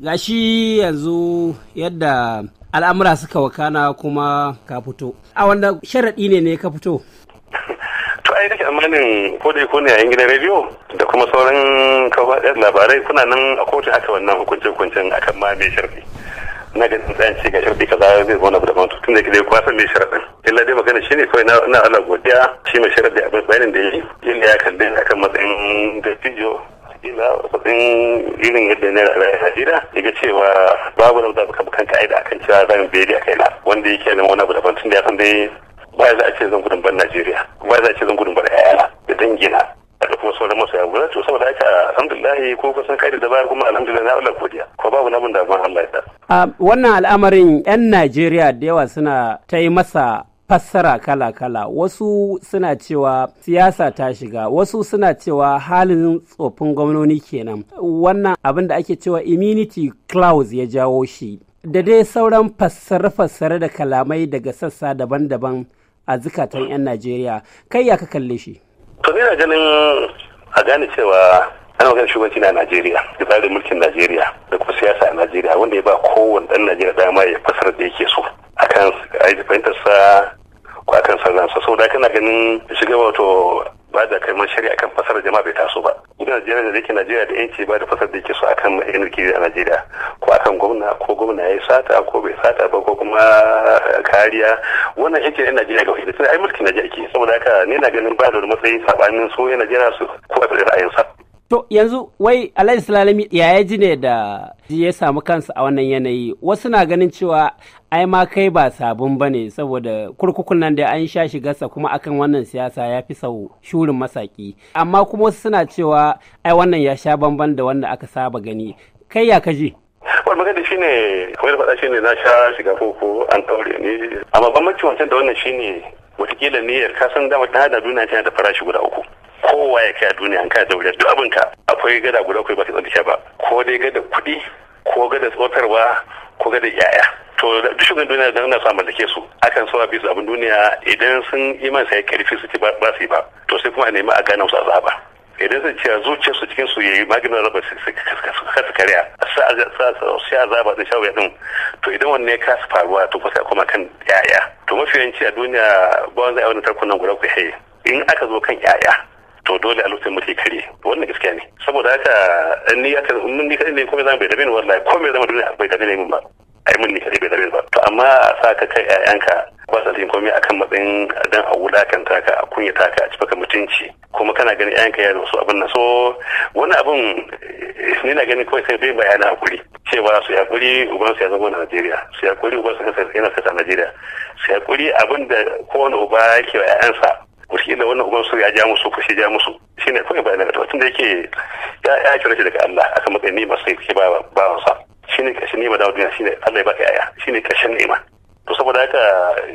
gashi yanzu yadda al'amura suka wakana kuma ka fito a wanda sharaɗi ne ne ka fito to ai nake amanin ko da ko ne yayin gidan rediyo da kuma sauran kafaɗen labarai suna nan a kotu haka wannan hukuncin hukuncin akan ma mai sharɗi na ga tsayan ce ga sharɗi kaza zai zama na da mantu tun da ke dai kwasan mai sharaɗin illa dai magana shine kawai na na Allah godiya shi mai sharaɗi abin bayanin da yi yin ya kalle akan matsayin da dattijo kila kudin irin yadda ne rayu a Najeriya yake cewa babu rauda baka bukan ka'ida akan cewa zan beli a kaina wanda yake nan wani abu daban tun da ya san dai ba za a ce zan gudun ban Najeriya ba za a ce zan gudun ban yayana da dangina da kuma sauran yawon guda to saboda haka alhamdulillah ko kusan kai da bayar kuma alhamdulillah na Allah godiya ko babu namun da Allah ya wannan al'amarin 'yan Najeriya da yawa suna ta yi masa fassara kala-kala wasu suna cewa siyasa ta shiga wasu suna cewa halin tsofin gwamnoni kenan wannan abin da ake cewa immunity clause ya jawo shi da dai sauran fassare-fassare da kalamai daga sassa daban-daban a zukatan 'yan najeriya kai ya ka kalle shi to ina ganin a gane cewa ana magana shugabanci na najeriya da tsarin mulkin najeriya da kuma siyasa a najeriya wanda ya ba kowane dan najeriya dama ya fassara da yake so akan fahimtar sa ko akan sauransa saboda kana ganin shiga wato ba da kai shari'a kan fasar jama'a bai taso ba idan najeriya da yake najeriya da yanci ba da fasar da yake so akan energy a najeriya ko akan gwamna ko gwamna ya sata ko bai sata ba ko kuma eh, kariya wannan yanci na najeriya ga wani ai mulkin najeriya ke saboda haka ne na ganin ba da matsayi sabanin so yana eh, najeriya su ko a sa. To yanzu wai Alhaji Salalami ya ji ne da ya samu kansa a wannan yanayi wasu na ganin cewa ai ma kai ba sabon ba ne saboda kurkukun nan da an sha shigarsa kuma akan wannan siyasa ya fi sau shurin masaki amma kuma wasu suna cewa ai wannan ya sha bamban da wanda aka saba gani kai ya kaji. wani magana ne kamar faɗa shine na sha shiga koko an ɗaure ne amma bambancin wancan da wannan ne watakila niyyar kasan dama ta hada duniya tana da farashi guda uku kowa ya kai a duniya an kai da wuri duk abin ka akwai gada guda akwai ba ta tsanta ba ko dai gada kuɗi ko gada tsotarwa ko gada yaya to shugaban duniya da na sa mallake su akan so a bi abin duniya idan sun iman sai karfi su ci ba su yi ba to sai kuma a nemi a gane su azaba idan zai ciya zuciyar su cikin su yayi maganin raba su kasu karya sai a azaba da shawo din to idan wanne ka su faruwa to kusa kuma kan yaya to mafiyanci a duniya ba wanda ya wani tarkunan guda ku in aka zo kan yaya to dole a lokacin mutum kare wannan gaskiya ne saboda haka ni aka mun ni kare ne komai zama bai dame ni wallahi komai zama duniya bai dame ni ba ai mun ni kare bai dame ba to amma a sa ka kai ƴaƴanka ba sa jin komai akan matsayin dan a wulakanta ka a kunya ka a ci baka mutunci kuma kana ganin ƴaƴanka ya so abin nan so wani abin ni na ganin kawai sai bai bayana hakuri cewa su hakuri uban su ya zama Najeriya su hakuri uban su yana kasa Najeriya su hakuri abin da kowane uba yake wa ƴaƴansa shi da wannan uban ya ja musu fushi shi ja musu ne kawai bayanan da tunda yake ya ya kira shi daga Allah aka matsayin ni masu yake ba ba wasa shi ne kashin nima da duniya ne Allah ya baka yaya shi ne kashin nima to saboda haka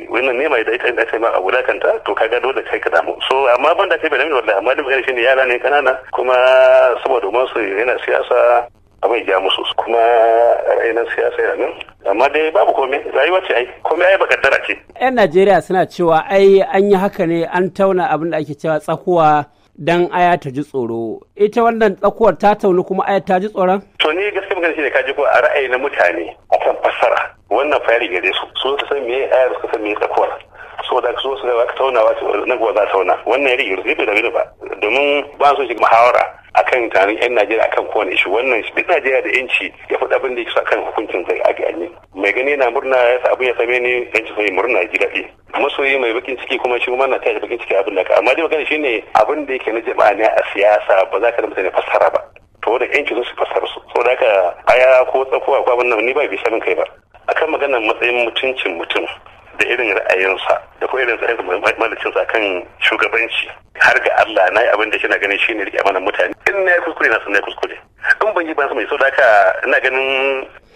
wannan nema idan ita sai ma abu dakanta to kaga dole kai ka damu so amma banda kai bai da wallahi amma duk ne yara ne kanana kuma saboda uban su yana siyasa abin ya musu kuma ra'ayin siyasa ya nan amma dai babu komai rayuwa ce ai komai ai dara ce yan najeriya suna cewa ai an yi haka ne an tauna abin da ake cewa tsakuwa dan aya ta ji tsoro ita wannan tsakuwar ta tauni kuma aya ta ji tsoron to ni gaskiya magana shine ji ko a ra'ayi na mutane akan fassara wannan fayari gare su su san me aya su san me tsakuwar saboda su su ga taunawa nan gwa za tauna wannan ya rigi rufe da ba domin ba su shi muhawara akan taron yan najeriya akan kowane ishu wannan duk najeriya da yanci ya faɗi abin da ya kan hukuncin zai a gani mai gani na murna ya sa abin ya same ni yanci sai murna ya ji daɗi masoyi mai bakin ciki kuma shi kuma na tashi bakin ciki abin da ka amma dai magana ne abin da yake na jama'a ne a siyasa ba za ka da mutane fassara ba to da yanci su fassara su da haka aya ko tsakuwa ko abin nan ni ba bi sabin kai ba akan maganar matsayin mutuncin mutum da irin ra'ayinsa da ko irin ra'ayinsa malacinsa kan shugabanci har ga Allah na yi abin da shi na ganin shi ne rike mana mutane in na yi kuskure na san na yi kuskure in ban yi ban mai sau da haka ina ganin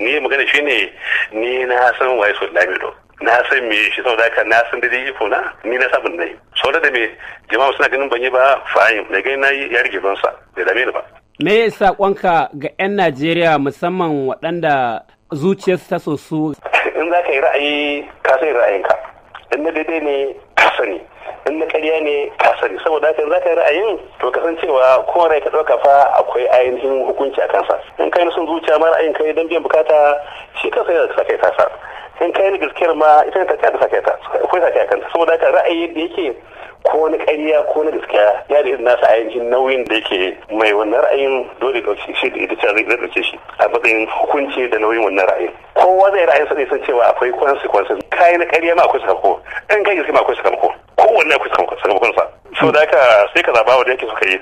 ni magana shi ne ni na san waye so lamido na san me shi sau haka na san dai iko na ni na sabon na yi sau da me jama'a suna ganin ban yi ba fa'ayin da gani na yi ya rike bansa bai dame ni ba. me ya sa ga 'yan najeriya musamman waɗanda zuciyarsu ta so su. in za ka yi ra'ayi ka sai ra'ayinka in na daidai ne ka sani in na karya ne ka sani saboda haka in za ka yi ra'ayin to ka san cewa ko rai ka ɗauka fa akwai ainihin hukunci a kansa in kai na son zuciya ma ra'ayin kai don biyan bukata shi ka yana da sakai tasa in kai na gaskiyar ma ita ne ta da sakai ta akwai sakai a kanta saboda haka ra'ayi da yake ko wani ƙarya ko na gaskiya ya da irin nasa ainihin nauyin da yake mai wannan ra'ayin dole ɗauke shi da ita cewa zai ɗauke shi a matsayin hukunci da nauyin wannan ra'ayin kowa zai ra'ayin sa ne san cewa akwai consequences kai na ƙarya ma akwai sakamako ɗan kai gaskiya ma akwai sakamako kowanne akwai sakamakon sa so da haka sai ka zaba wanda yake suka yi